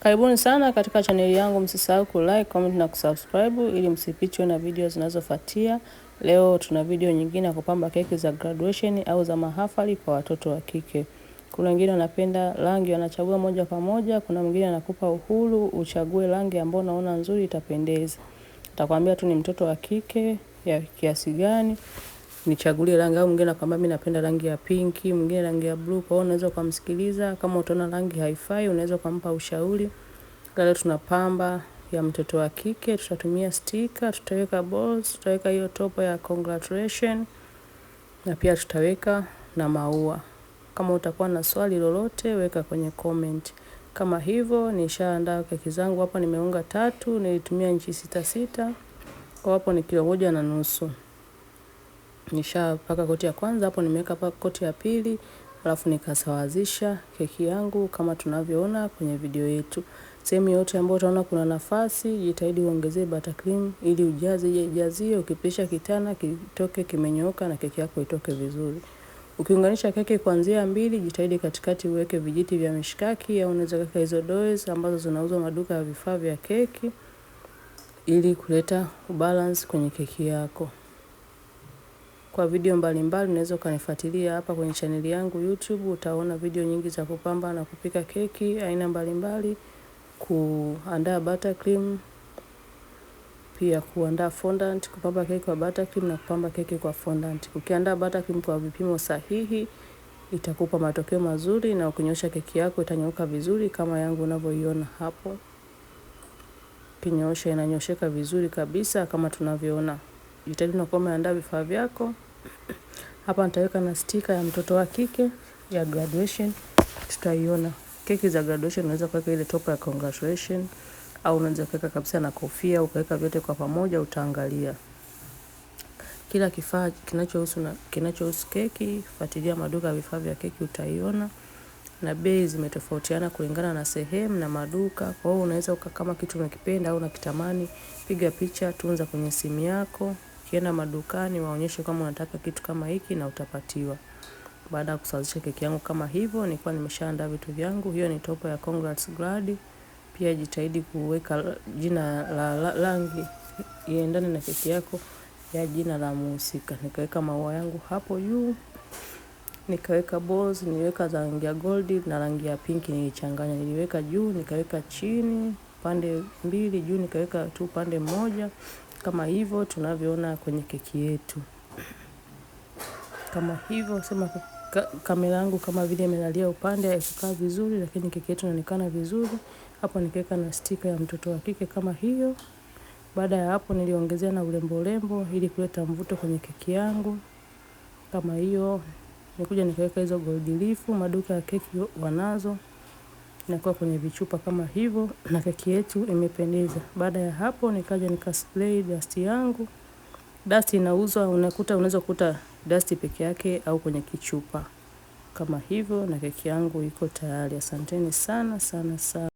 Karibuni sana katika chaneli yangu, msisahau ku like, comment na kusubscribe ili msipitwe na video zinazofuatia. Leo tuna video nyingine ya kupamba keki za graduation au za mahafali kwa watoto wa kike. Kuna wengine wanapenda rangi wanachagua moja kwa moja, kuna mwingine anakupa uhuru uchague rangi ambayo unaona nzuri itapendeza. Nitakwambia tu ni mtoto wa kike ya kiasi gani nichagulie rangi au mwingine akwambia mimi napenda rangi ya pinki, mwingine rangi ya blue. Kwa hiyo unaweza kumsikiliza, kama utaona rangi haifai unaweza kumpa ushauri. Leo tunapamba ya mtoto wa kike, tutatumia stika, tutaweka balls, tutaweka hiyo topo ya congratulation na pia tutaweka na maua. Kama utakuwa na swali lolote weka kwenye comment. Kama hivyo nishaandaa keki zangu hapa. nimeunga tatu, nilitumia inchi sita sita, kwa hapo ni kilo moja na nusu nishapaka koti ya kwanza hapo, nimeweka koti ya pili, alafu nikasawazisha keki yangu kama tunavyoona kwenye video yetu. Sehemu yote ambayo utaona kuna nafasi, jitahidi uongezee buttercream ili ujaze, ijazie, ukipisha kitana kitoke kimenyooka na keki yako itoke vizuri. Ukiunganisha keki kuanzia mbili, jitahidi katikati uweke vijiti vya mishikaki au unaweza kaka hizo does ambazo zinauzwa maduka ya vifaa vya keki ili kuleta balance kwenye keki yako kwa video mbalimbali. Unaweza ukanifuatilia hapa kwenye chaneli yangu YouTube, utaona video nyingi za kupamba na kupika keki aina mbalimbali, kuandaa buttercream, pia kuandaa fondant, kupamba keki kwa buttercream na kupamba keki kwa fondant. Ukiandaa buttercream kwa vipimo sahihi itakupa matokeo mazuri, na ukinyosha keki yako itanyooka vizuri kama yangu unavyoiona hapo. Kinyosha inanyosheka vizuri kabisa kama tunavyoona jitahidi unakuwa umeandaa vifaa vyako. Hapa nitaweka na stika ya mtoto wa kike ya graduation, tutaiona keki za graduation. Unaweza kuweka ile topa ya congratulation au unaweza kuweka kabisa na kofia, ukaweka vyote kwa pamoja, utaangalia kila kifaa kinachohusu na kinachohusu keki. Fuatilia maduka ya vifaa vya keki, utaiona na bei zimetofautiana kulingana na sehemu na maduka. Kwa hiyo unaweza uka, kama kitu unakipenda au unakitamani, piga picha, tunza kwenye simu yako. Ukienda madukani waonyeshe kama unataka kitu kama hiki na utapatiwa. Baada ya kusawazisha keki yangu kama hivyo, nilikuwa nimeshaandaa vitu vyangu. Hiyo ni topo ya congrats grad. Pia jitahidi kuweka jina la rangi iendane na keki yako ya jina la muhusika. Nikaweka maua yangu hapo juu. Nikaweka balls, niliweka za rangi ya gold na rangi ya pinki nilichanganya. Niliweka juu, nikaweka chini, pande mbili, juu nikaweka tu pande moja kama hivyo tunavyoona kwenye keki yetu. Kama hivyo sema kamera yangu kama vile imelalia upande haikukaa vizuri, lakini keki yetu inaonekana vizuri. Hapo nikiweka na stika ya mtoto wa kike kama hiyo. Baada ya hapo niliongezea na urembo urembo ili kuleta mvuto kwenye keki yangu kama hiyo. Nikuja nikaweka hizo gold leaf, maduka ya keki wanazo inakuwa kwenye vichupa kama hivyo, na keki yetu imependeza. Baada ya hapo, nikaja nika spray dasti yangu. Dasti inauzwa, unakuta unaweza kukuta dasti peke yake au kwenye kichupa kama hivyo, na keki yangu iko tayari. Asanteni sana sana sana.